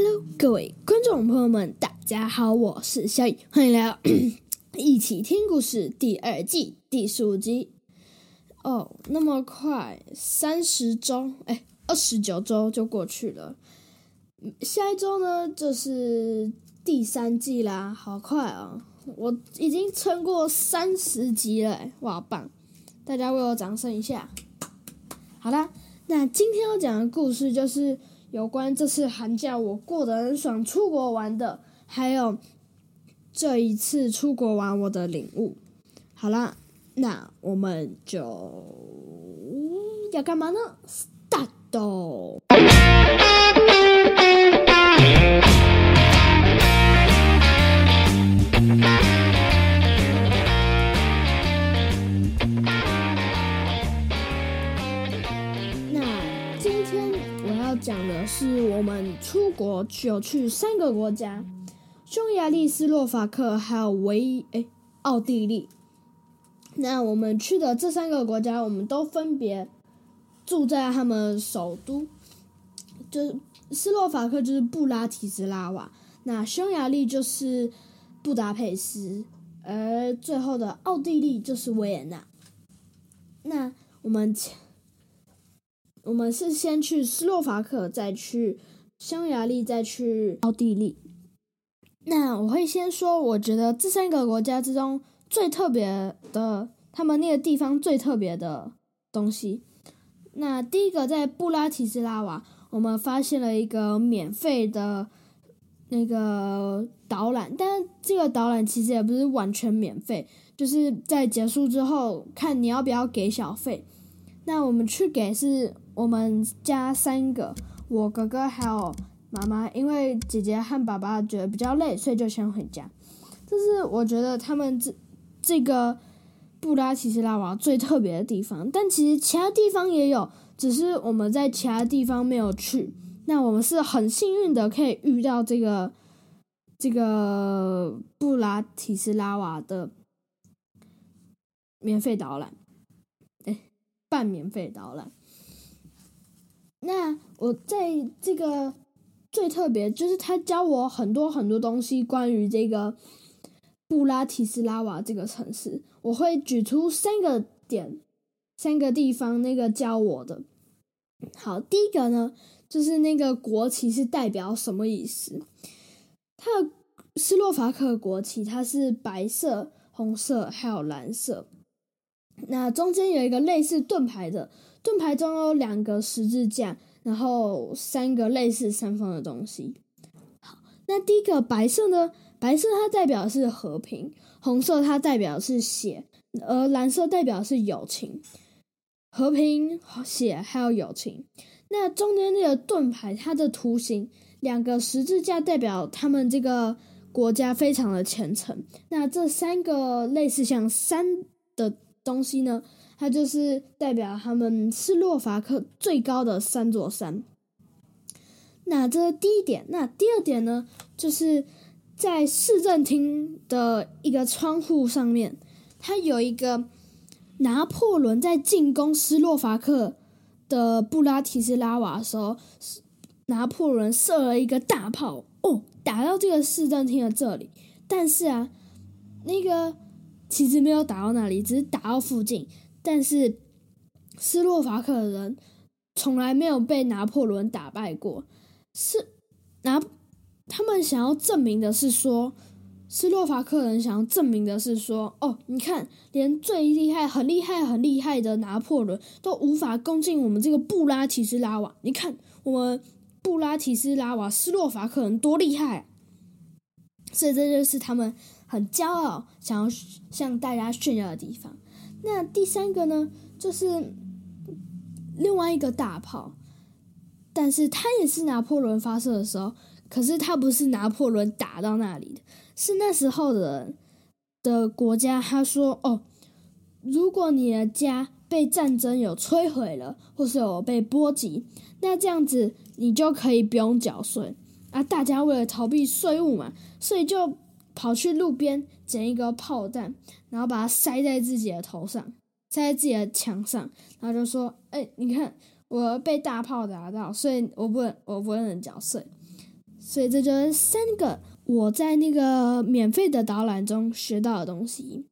Hello，各位觀眾朋友們，大家好，我是小雨，歡迎來到 一起聽故事第二季第十五集。哦、oh，那麼快三十周，哎、欸，二十九周就過去了。下一周呢，就是第三季啦，好快啊、哦！我已經撐過三十集了、欸，哇棒！大家為我掌聲一下。好啦，那今天要講的故事就是。有關這次寒假我過得很爽，出國玩的，還有這一次出國玩我的領悟。好啦，那我們就要幹嘛呢？Start！去，有去三個國家，匈牙利、斯洛伐克還有維，哎，奧地利。那我們去的這三個國家，我們都分別住在他們首都。就是斯洛伐克就是布拉提斯拉瓦，那匈牙利就是布達佩斯，而最後的奧地利就是維也納。那我們，我們是先去斯洛伐克，再去。匈牙利再去奧地利，那我會先說，我覺得這三個國家之中最特別的，他們那個地方最特別的東西。那第一個在布拉提斯拉瓦，我們發現了一個免費的那個導覽，但是這個導覽其實也不是完全免費，就是在結束之後看你要不要給小費。那我們去給，是我們加三個。我哥哥還有媽媽，因為姐姐和爸爸覺得比較累，所以就先回家。這是我覺得他們這這個布拉提斯拉瓦最特別的地方，但其實其他地方也有，只是我們在其他地方沒有去。那我們是很幸運的，可以遇到這個這個布拉提斯拉瓦的免費導覽，誒、欸、半免費導覽。那我在這個最特別，就是他教我很多很多東西，關於這個布拉提斯拉瓦這個城市，我會舉出三個點，三個地方那個教我的。好，第一個呢，就是那個國旗是代表什麼意思？他的斯洛伐克國旗，它是白色、紅色還有藍色，那中間有一個類似盾牌的。盾牌中有兩個十字架，然後三個類似三方的東西。好，那第一個白色呢？白色它代表是和平，紅色它代表是血，而藍色代表是友情。和平、血還有友情。那中間那個盾牌，它的圖形兩個十字架代表他們這個國家非常的虔誠。那這三個類似像山的東西呢？它就是代表他們是斯洛伐克最高的三座山。那這是第一點。那第二點呢，就是在市政廳的一個窗戶上面，它有一個拿破崙在進攻斯洛伐克的布拉提斯拉瓦的時候，拿破崙射了一個大炮，哦，打到這個市政廳的這裡，但是啊，那個其實沒有打到那裡，只是打到附近。但是，斯洛伐克人從來沒有被拿破崙打敗過。是拿他們想要證明的是說，斯洛伐克人想要證明的是說，哦，你看，連最厲害、很厲害、很厲害的拿破崙都無法攻進我們這個布拉提斯拉瓦。你看，我們布拉提斯拉瓦斯洛伐克人多厲害啊！所以，這就是他們很驕傲、想要向大家炫耀的地方。那第三個呢，就是另外一個大炮，但是它也是拿破崙發射的時候，可是它不是拿破崙打到那裡的，是那時候的的國家。他說：“哦，如果你的家被戰爭有摧毀了，或是有被波及，那這樣子你就可以不用繳稅。”啊，大家為了逃避稅務嘛，所以就。跑去路邊撿一個炮彈，然後把它塞在自己的頭上，塞在自己的牆上，然後就說：“哎、欸，你看我被大炮打到，所以我不能，我不能嚼碎。”所以這就是三個我在那個免費的導覽中學到的東西。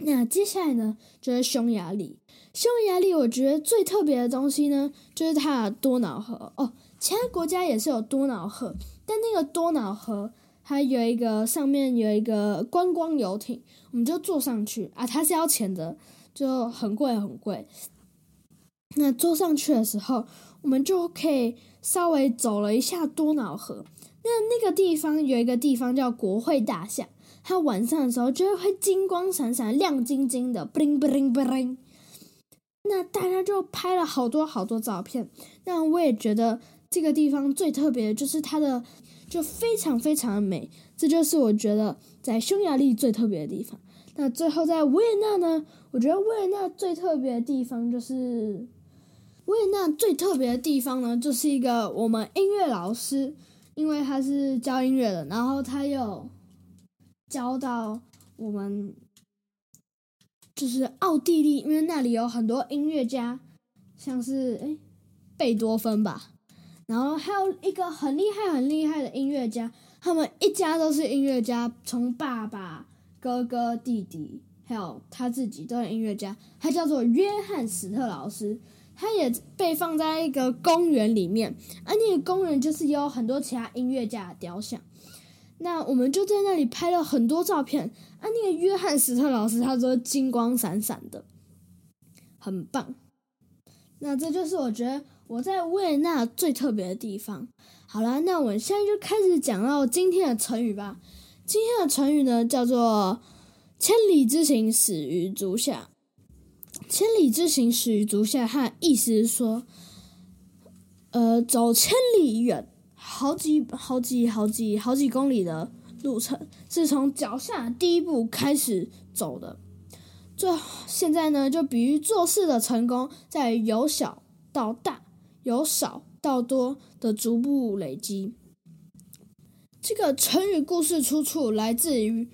那接下來呢，就是匈牙利。匈牙利我覺得最特別的東西呢，就是它的多瑙河。哦，其他國家也是有多瑙河，但那個多瑙河。它有一個上面有一個觀光遊艇，我們就坐上去啊！它是要錢的，就很貴很貴。那坐上去的時候，我們就可以稍微走了一下多瑙河。那那個地方有一個地方叫國會大廈，它晚上的時候就會金光閃閃、亮晶晶的，不靈不靈不靈。那大家就拍了好多好多照片。那我也覺得這個地方最特別的就是它的。就非常非常的美，這就是我覺得在匈牙利最特別的地方。那最後在維也納呢？我覺得維也納最特別的地方就是維也納最特別的地方呢，就是一個我們音樂老師，因為他是教音樂的，然後他又教到我們就是奧地利，因為那裡有很多音樂家，像是哎貝多芬吧。然後還有一個很厲害、很厲害的音樂家，他們一家都是音樂家，從爸爸、哥哥、弟弟，還有他自己都是音樂家。他叫做約翰·斯特勞斯，他也被放在一個公園裡面。啊，那個公園就是有很多其他音樂家的雕像。那我們就在那裡拍了很多照片。啊，那個約翰·斯特勞斯，他都金光閃閃的，很棒。那這就是我覺得。我在維也納最特別的地方。好啦，那我們現在就開始講到今天的成語吧。今天的成語呢，叫做“千里之行，始於足下”。千里之行，始於足下，它的意思是說，呃，走千里遠，好幾好幾好幾好幾公里的路程，是從腳下第一步開始走的。最現在呢，就比喻做事的成功，在於由小到大。由少到多的逐步累積。這個成語故事出處來自於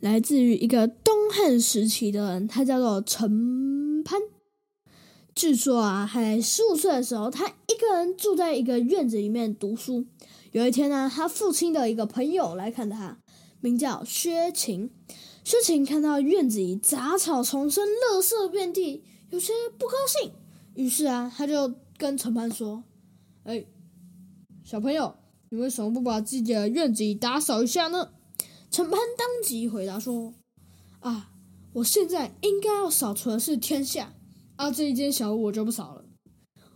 來自於一個東漢時期的人，他叫做陳蕃。據說啊，還在十五歲的時候，他一個人住在一個院子裡面讀書。有一天呢，他父親的一個朋友來看他，名叫薛勤。薛勤看到院子裡雜草叢生、垃圾遍地，有些不高興。於是啊，他就跟陳潘說：“哎，小朋友，你為什麼不把自己的院子裡打掃一下呢？”陳潘當即回答說：“啊，我現在應該要掃除的是天下啊，這一間小屋我就不掃了。”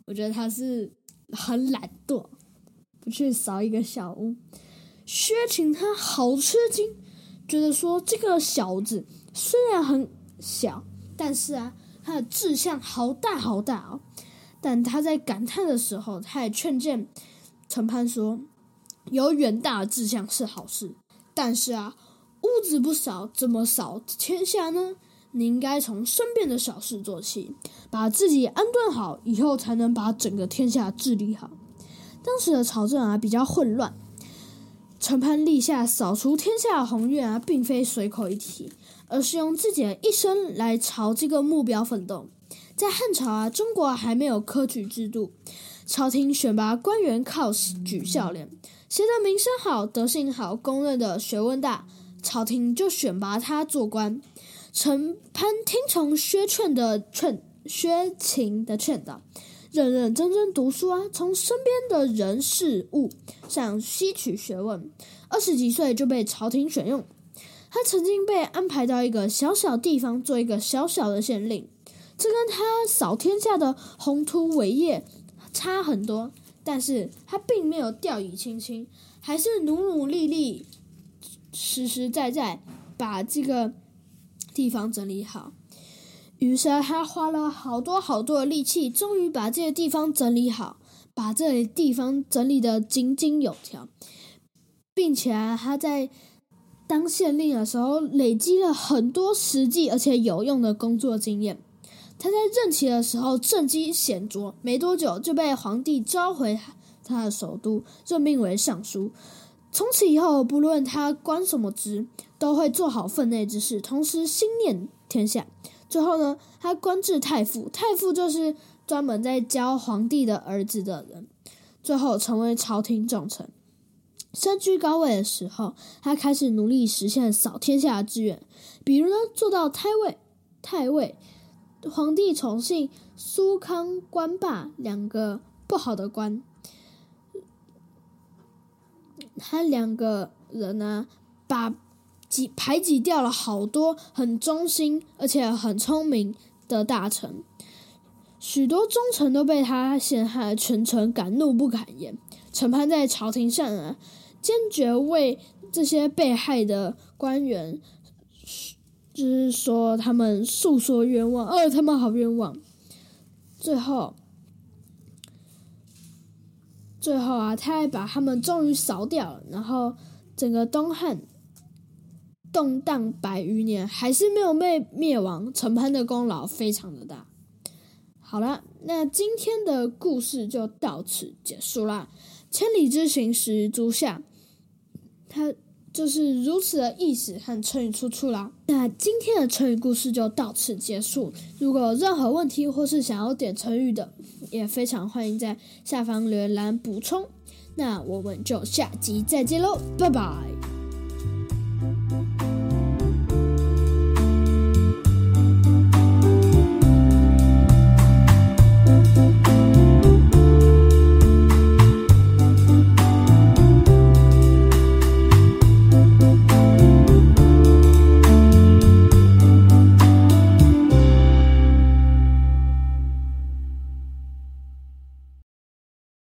我覺得他是很懶惰，不去掃一個小屋。薛勤他好吃驚，覺得說這個小子雖然很小，但是啊。他的志向好大好大哦，但他在感嘆的時候，他也勸諫陳潘說：“有遠大的志向是好事，但是啊，屋子不掃怎麼掃天下呢？你應該從身邊的小事做起，把自己安頓好以後，才能把整個天下治理好。”當時的朝政啊，比較混亂，陳潘立下掃除天下宏願啊，並非隨口一提。而是用自己的一生來朝這個目標奮鬥。在漢朝啊，中國還沒有科舉制度，朝廷選拔官員靠舉孝廉，誰的名聲好、德性好、公認的學問大，朝廷就選拔他做官。陳蕃聽從薛勸的勸，薛勤的勸導，認認真真讀書啊，從身邊的人事物上吸取學問，二十幾歲就被朝廷選用。他曾經被安排到一個小小地方做一個小小的縣令，這跟他掃天下的宏圖偉業差很多。但是他並沒有掉以輕心，還是努努力力、實實在在把這個地方整理好。於是他花了好多好多的力氣，終於把這個地方整理好，把這地方整理得井井有條，並且啊，他在。當縣令的時候，累積了很多實際而且有用的工作經驗。他在任期的時候政績顯著，沒多久就被皇帝召回他的首都，任命為尚書。從此以後，不論他官什麼職，都會做好分內之事，同時心念天下。最後呢，他官至太傅，太傅就是專門在教皇帝的兒子的人。最後成為朝廷重臣。身居高位的時候，他開始努力實現掃天下的志願，比如呢，做到太尉、太尉，皇帝寵幸、蘇康管霸、管霸兩個不好的官，他兩個人呢、啊，把擠排擠掉了好多很忠心而且很聰明的大臣，許多忠臣都被他陷害，群臣敢怒不敢言，陳蕃在朝廷上啊。堅決為這些被害的官員，就是說他們訴說冤枉，哦，他們好冤枉！最後，最後啊，他還把他們終於掃掉，然後整個東漢動盪百餘年，還是沒有被滅亡。陳蕃的功勞非常的大。好了，那今天的故事就到此結束啦。千里之行，始於足下。它就是如此的意思和成語出處啦。那今天的成語故事就到此結束。如果有任何問題，或是想要點成語的，也非常歡迎在下方留言補充。那我們就下集再見嘍，拜拜。